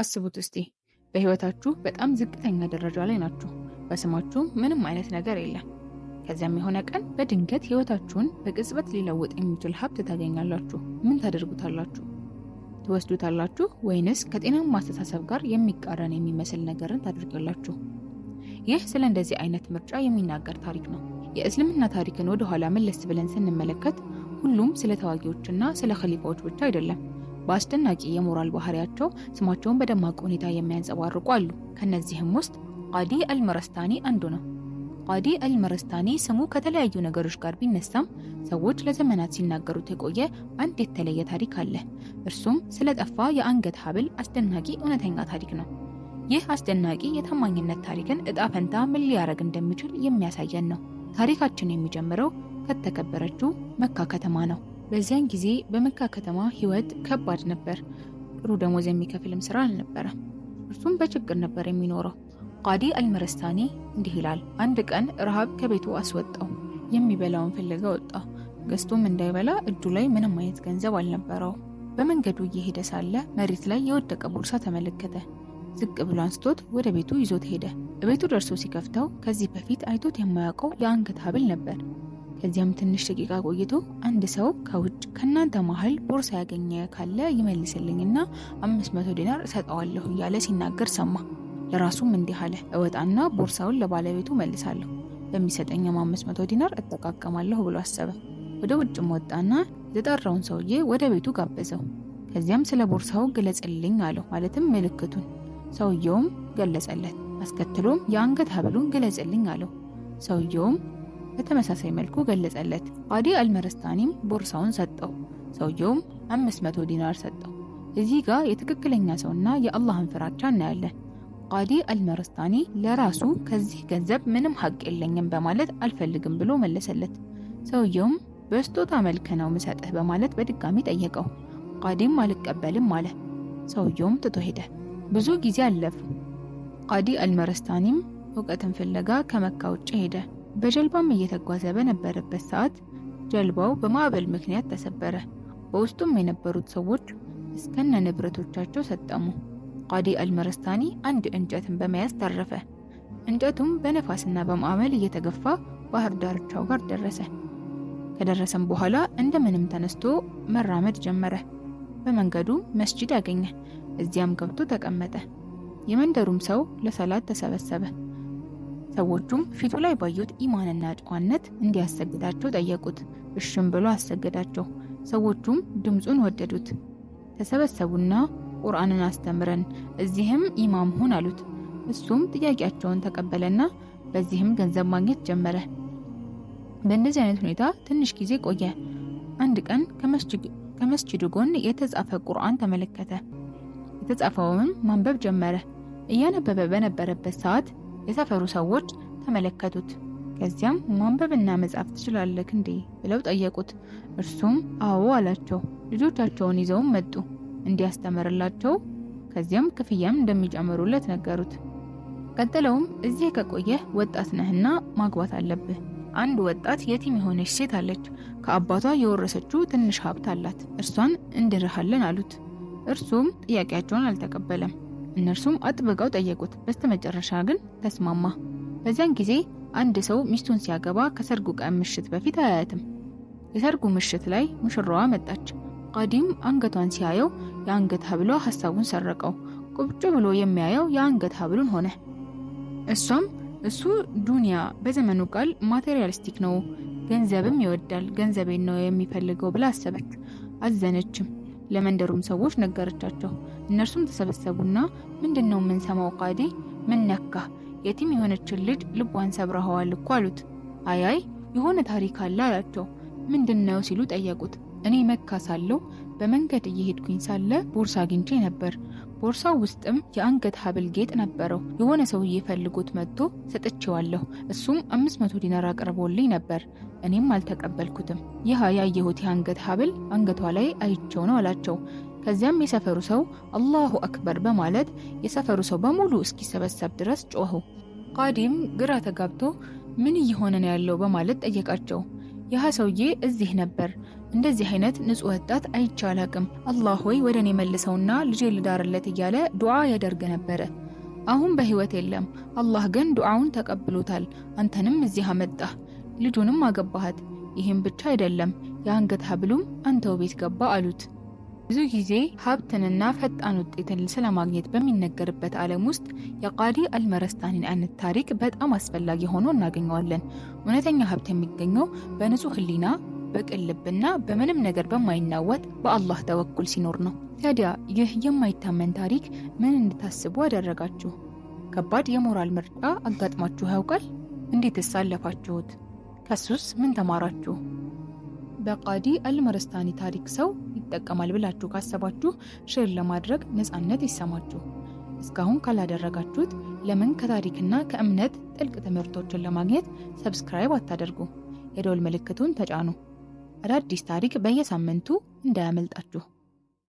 አስቡት እስቲ በህይወታችሁ በጣም ዝቅተኛ ደረጃ ላይ ናችሁ። በስማችሁ ምንም አይነት ነገር የለም። ከዚያም የሆነ ቀን በድንገት ህይወታችሁን በቅጽበት ሊለውጥ የሚችል ሀብት ታገኛላችሁ። ምን ታደርጉታላችሁ? ትወስዱታላችሁ ወይንስ ከጤናማ አስተሳሰብ ጋር የሚቃረን የሚመስል ነገርን ታደርጋላችሁ? ይህ ስለ እንደዚህ አይነት ምርጫ የሚናገር ታሪክ ነው። የእስልምና ታሪክን ወደኋላ መለስ ብለን ስንመለከት ሁሉም ስለ ተዋጊዎችና ስለ ኸሊፋዎች ብቻ አይደለም። በአስደናቂ የሞራል ባህሪያቸው ስማቸውን በደማቅ ሁኔታ የሚያንጸባርቁ አሉ። ከነዚህም ውስጥ ቃዲ አልመረስታኒ አንዱ ነው። ቃዲ አልመረስታኒ ስሙ ከተለያዩ ነገሮች ጋር ቢነሳም ሰዎች ለዘመናት ሲናገሩት የቆየ አንድ የተለየ ታሪክ አለ። እርሱም ስለ ጠፋ የአንገት ሀብል አስደናቂ እውነተኛ ታሪክ ነው። ይህ አስደናቂ የታማኝነት ታሪክን እጣ ፈንታ ምን ሊያደርግ እንደሚችል የሚያሳየን ነው። ታሪካችን የሚጀምረው ከተከበረችው መካ ከተማ ነው። በዚያን ጊዜ በመካ ከተማ ህይወት ከባድ ነበር። ጥሩ ደሞዝ የሚከፍልም ስራ አልነበረ። እርሱም በችግር ነበር የሚኖረው። ቃዲ አልመረስታኒ እንዲህ ይላል። አንድ ቀን ረሃብ ከቤቱ አስወጣው። የሚበላውን ፍለጋ ወጣ። ገዝቶም እንዳይበላ እጁ ላይ ምንም አይነት ገንዘብ አልነበረው። በመንገዱ እየሄደ ሳለ መሬት ላይ የወደቀ ቦርሳ ተመለከተ። ዝቅ ብሎ አንስቶት ወደ ቤቱ ይዞት ሄደ። ቤቱ ደርሶ ሲከፍተው ከዚህ በፊት አይቶት የማያውቀው የአንገት ሀብል ነበር። ከዚያም ትንሽ ደቂቃ ቆይቶ አንድ ሰው ከውጭ ከእናንተ መሀል ቦርሳ ያገኘ ካለ ይመልስልኝና አምስት መቶ ዲናር እሰጠዋለሁ እያለ ሲናገር ሰማ። ለራሱም እንዲህ አለ፣ እወጣና ቦርሳውን ለባለቤቱ መልሳለሁ፣ በሚሰጠኝም አምስት መቶ ዲናር እጠቃቀማለሁ ብሎ አሰበ። ወደ ውጭም ወጣና የጠራውን ሰውዬ ወደ ቤቱ ጋበዘው። ከዚያም ስለ ቦርሳው ግለጽልኝ አለው፣ ማለትም ምልክቱን። ሰውየውም ገለጸለት። አስከትሎም የአንገት ሀብሉን ግለጽልኝ አለው። ሰውየውም በተመሳሳይ መልኩ ገለጸለት። አዲ አልመረስታኒም ቦርሳውን ሰጠው። ሰውየውም 500 ዲናር ሰጠው። እዚህ ጋር የትክክለኛ ሰውና የአላህን ፍራቻ እናያለን። ቃዲ አልመረስታኒ ለራሱ ከዚህ ገንዘብ ምንም ሀቅ የለኝም በማለት አልፈልግም ብሎ መለሰለት። ሰውየውም በስጦታ መልክ ነው ምሰጥህ በማለት በድጋሚ ጠየቀው። ቃዲም አልቀበልም አለ። ሰውየውም ትቶ ሄደ። ብዙ ጊዜ አለፉ። ቃዲ አልመረስታኒም እውቀትን ፍለጋ ከመካ ውጭ ሄደ። በጀልባም እየተጓዘ በነበረበት ሰዓት ጀልባው በማዕበል ምክንያት ተሰበረ። በውስጡም የነበሩት ሰዎች እስከነ ንብረቶቻቸው ሰጠሙ። ቃዲ አልመረስታኒ አንድ እንጨትን በመያዝ ታረፈ። እንጨቱም በነፋስና በማዕበል እየተገፋ ባህር ዳርቻው ጋር ደረሰ። ከደረሰም በኋላ እንደምንም ተነስቶ መራመድ ጀመረ። በመንገዱ መስጂድ አገኘ። እዚያም ገብቶ ተቀመጠ። የመንደሩም ሰው ለሰላት ተሰበሰበ። ሰዎቹም ፊቱ ላይ ባዩት ኢማንና ጨዋነት እንዲያሰግዳቸው ጠየቁት። እሽም ብሎ አሰገዳቸው። ሰዎቹም ድምፁን ወደዱት። ተሰበሰቡና ቁርአንን አስተምረን እዚህም ኢማም ሁን አሉት። እሱም ጥያቄያቸውን ተቀበለና በዚህም ገንዘብ ማግኘት ጀመረ። በእንደዚህ አይነት ሁኔታ ትንሽ ጊዜ ቆየ። አንድ ቀን ከመስጂዱ ጎን የተጻፈ ቁርአን ተመለከተ። የተጻፈውንም ማንበብ ጀመረ። እያነበበ በነበረበት ሰዓት የሰፈሩ ሰዎች ተመለከቱት። ከዚያም ማንበብና መጻፍ ትችላለህ እንዴ ብለው ጠየቁት። እርሱም አዎ አላቸው። ልጆቻቸውን ይዘውም መጡ እንዲያስተምርላቸው፣ ከዚያም ክፍያም እንደሚጨምሩለት ነገሩት። ቀጥለውም እዚህ ከቆየህ ወጣት ነህና ማግባት አለብህ። አንድ ወጣት የቲም የሆነች ሴት አለች። ከአባቷ የወረሰችው ትንሽ ሀብት አላት። እርሷን እንድርሃለን አሉት። እርሱም ጥያቄያቸውን አልተቀበለም። እነርሱም አጥብቀው ጠየቁት። በስተመጨረሻ ግን ተስማማ። በዚያን ጊዜ አንድ ሰው ሚስቱን ሲያገባ ከሰርጉ ቀን ምሽት በፊት አያያትም። የሰርጉ ምሽት ላይ ሙሽራዋ መጣች። ቃዲም አንገቷን ሲያየው የአንገት ሀብሏ ሀሳቡን ሰረቀው። ቁጭ ብሎ የሚያየው የአንገት ሀብሉን ሆነ። እሷም እሱ ዱንያ በዘመኑ ቃል ማቴሪያሊስቲክ ነው፣ ገንዘብም ይወዳል፣ ገንዘቤን ነው የሚፈልገው ብላ አሰበች። አዘነችም። ለመንደሩም ሰዎች ነገረቻቸው። እነርሱም ተሰበሰቡና ምንድን ነው የምንሰማው? ቃዴ ምን ነካ? የቲም የሆነችን ልጅ ልቧን ሰብረኸዋል እኮ አሉት። አያይ የሆነ ታሪክ አለ አላቸው። ምንድን ነው ሲሉ ጠየቁት። እኔ መካ ሳለው በመንገድ እየሄድኩኝ ሳለ ቦርሳ አግኝቼ ነበር። ቦርሳው ውስጥም የአንገት ሀብል ጌጥ ነበረው። የሆነ ሰውዬ ፈልጎት መጥቶ ሰጥቼዋለሁ። እሱም አምስት መቶ ዲናር አቅርቦልኝ ነበር። እኔም አልተቀበልኩትም። ይህ ያየሁት የአንገት ሀብል አንገቷ ላይ አይቸው ነው አላቸው። ከዚያም የሰፈሩ ሰው አላሁ አክበር በማለት የሰፈሩ ሰው በሙሉ እስኪሰበሰብ ድረስ ጮኹ። ቃዲም ግራ ተጋብቶ ምን እየሆነ ነው ያለው በማለት ጠየቃቸው። ያህ ሰውዬ እዚህ ነበር። እንደዚህ አይነት ንጹህ ወጣት አይቻላቅም አላህ ሆይ ወደ እኔ መልሰውና ልጄ ልዳርለት እያለ ዱዓ ያደርግ ነበረ። አሁን በህይወት የለም። አላህ ግን ዱዓውን ተቀብሎታል። አንተንም እዚህ አመጣህ፣ ልጁንም አገባሃት። ይህም ብቻ አይደለም፣ የአንገት ሀብሉም አንተው ቤት ገባ አሉት። ብዙ ጊዜ ሀብትንና ፈጣን ውጤትን ስለማግኘት በሚነገርበት ዓለም ውስጥ የቃዲ አልመረስታኒን አይነት ታሪክ በጣም አስፈላጊ ሆኖ እናገኘዋለን። እውነተኛ ሀብት የሚገኘው በንጹህ ህሊና በቅን ልብና በምንም ነገር በማይናወጥ በአላህ ተወኩል ሲኖር ነው። ታዲያ ይህ የማይታመን ታሪክ ምን እንድታስቡ አደረጋችሁ? ከባድ የሞራል ምርጫ አጋጥማችሁ ያውቃል? እንዴትስ አለፋችሁት? ከሱስ ምን ተማራችሁ? በቃዲ አልመረስታኒ ታሪክ ሰው ይጠቀማል ብላችሁ ካሰባችሁ ሼር ለማድረግ ነፃነት ይሰማችሁ። እስካሁን ካላደረጋችሁት ለምን ከታሪክና ከእምነት ጥልቅ ትምህርቶችን ለማግኘት ሰብስክራይብ አታደርጉ? የደወል ምልክቱን ተጫኑ። አዳዲስ ታሪክ በየሳምንቱ እንዳያመልጣችሁ።